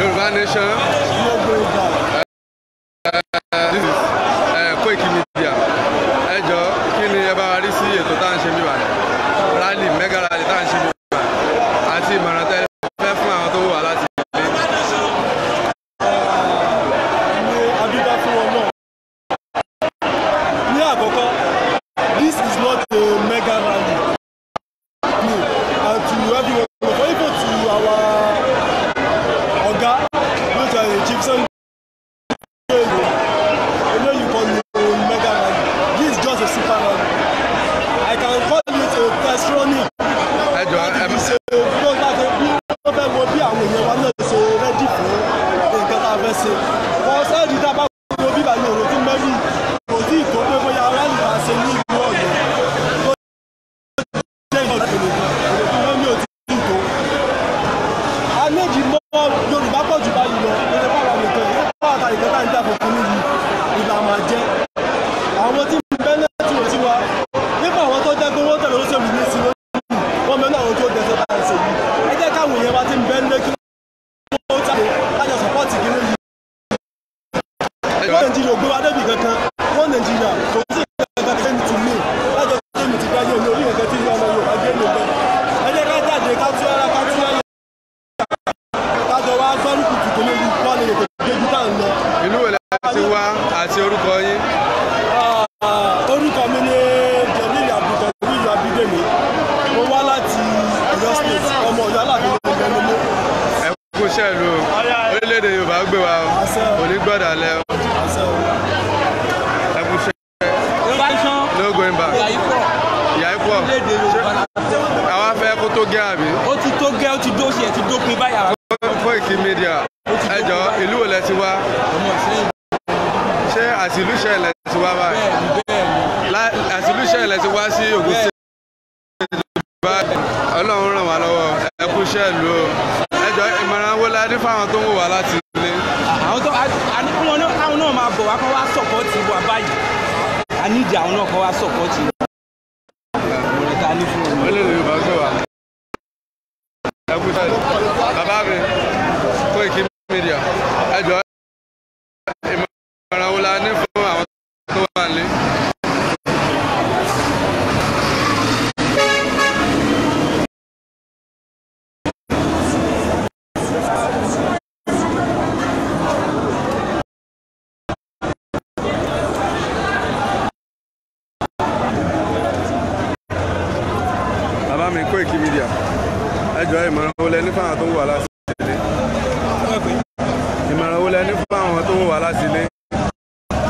Yorùbá Nation. This is Koiki Media. Ẹ jọ kí ni ẹ bá wa rí sí ètò tá à ń ṣe bí wàá rally mega rally tá à ń ṣe bí wàá àti ìmọ̀ràn tẹ́lẹ̀. Gibson I know you call me mega man. This just a super I can call it a testronic. I do. kankan wọ́n nàìjíríà kò sí kankan sẹ́ni tù mí lájọ sẹ́ni ti dájọ́ ní orí nǹkan tí ìlú ọmọ yorùbá gbé mi bẹ́ẹ̀. ẹ jẹ́ ká jáde ká tú ara ká tú ara kájọ wá gbárù kùtù tó lórí bọ́ọ̀lù ètò ìgbéjú tá à ń lọ. ìlú ìlà ti wá àti orúkọ yín. Ah, orúkọ mi ni jẹ̀mí àbùkẹ́ ìlú àbídèmí mo wá láti Ọ̀yọ́ state ọmọ Ọ̀yọ́ alábí iṣẹ́ ìlú orílẹ̀-èdè Yorùbá gbé wa ò gbọ́dọ̀ alẹ́ o. pọ̀ àwa fẹ́ kó tó gẹ́ àbí. ó ti tó gẹ́ ó ti dó ṣe ti dópin báyà. Koiki Media ẹ jọ ìlú wo lẹ ti wá ṣé àtìlúṣẹ lẹ ti wá báyìí àtìlúṣẹ lẹ ti wá sí Ògùn sí Ọlọ́run ràn wá lọ́wọ́ ẹ kú iṣẹ́ ìlú o ẹ jọ ìmọ̀ràn wo la ní fáwọn tó ń wò wá láti ilé. àwọn tó àwọn náà máa bọ̀ wá kó wá sọ̀kọ́ ti wà báyìí a nídìí àwọn náà kó wá sọ̀kọ́ ti ní fún mi. ó lè lè yorùbá sọ wa ẹ kú sáré bàbá mi kó ìkí Koiki Media ẹjọ́ ìmọ̀ràn wo lẹni fáwọn tó ń wà lásìlé ìmọ̀ràn wo lẹni fáwọn tó ń wà lásìlé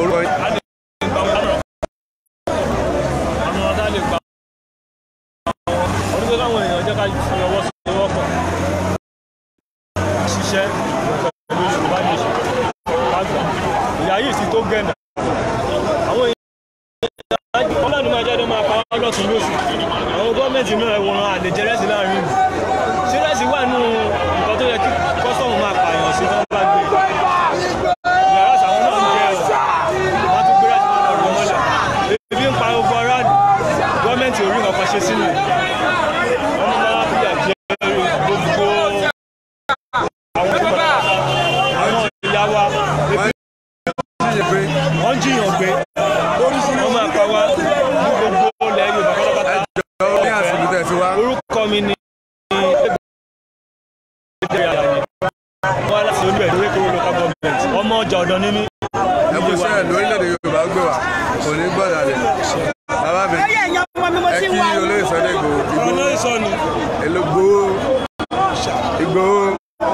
orúkọ yìí. ṣiṣẹ́ pẹ̀lú Yorùbá nation lágbà ìyá yìí sì tó gẹ̀nà àwọn èèyàn ọlọ́run máa jáde máa pa ọlọ́tún lóṣù gọ́ọ̀mẹ̀ntì náà ẹ̀wọ̀n àlejẹ́ rẹ́sì láàrin ìlú ṣé rẹ́sì wà nínú nǹkan tó yẹ kí kọ́sọ̀mù máa pààyàn sí tán bá gbé yàrá sàwọn náà ń jẹ ọ̀ wọ́n tún gbé rẹ́sì náà mọ́lẹ̀ ebi ń pa gbogbo ara gọ́ọ̀mẹ̀ntì orí nǹkan ṣe sílẹ̀ wọ́n bá fìyà jẹ gbogbo àwọn àwọn ìyá wa wọ́n jiyàn gbé. tiwa. orúkọ mi ni ẹgbẹ́ àlàyé wọn láti ọmọ ọjà ọ̀dọ́ ní mí. ẹkùn sẹ́yìn lórílẹ̀‐èdè Yorùbá gbé wa kò ní gbọ́dọ̀ rẹ̀ bàbá mi ẹ kí olóyè Sunday Igboho Igboho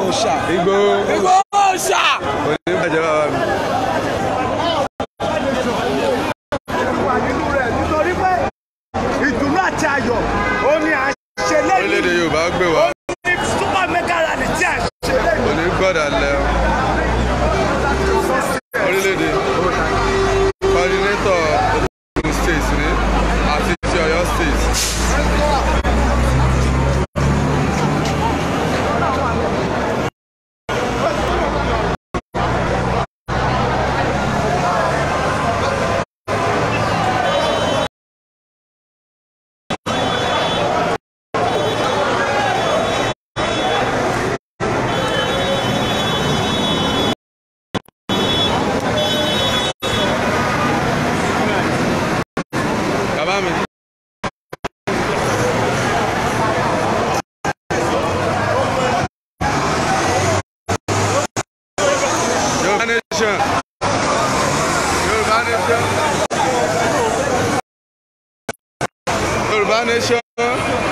Igboho Igboho Lá, Nation!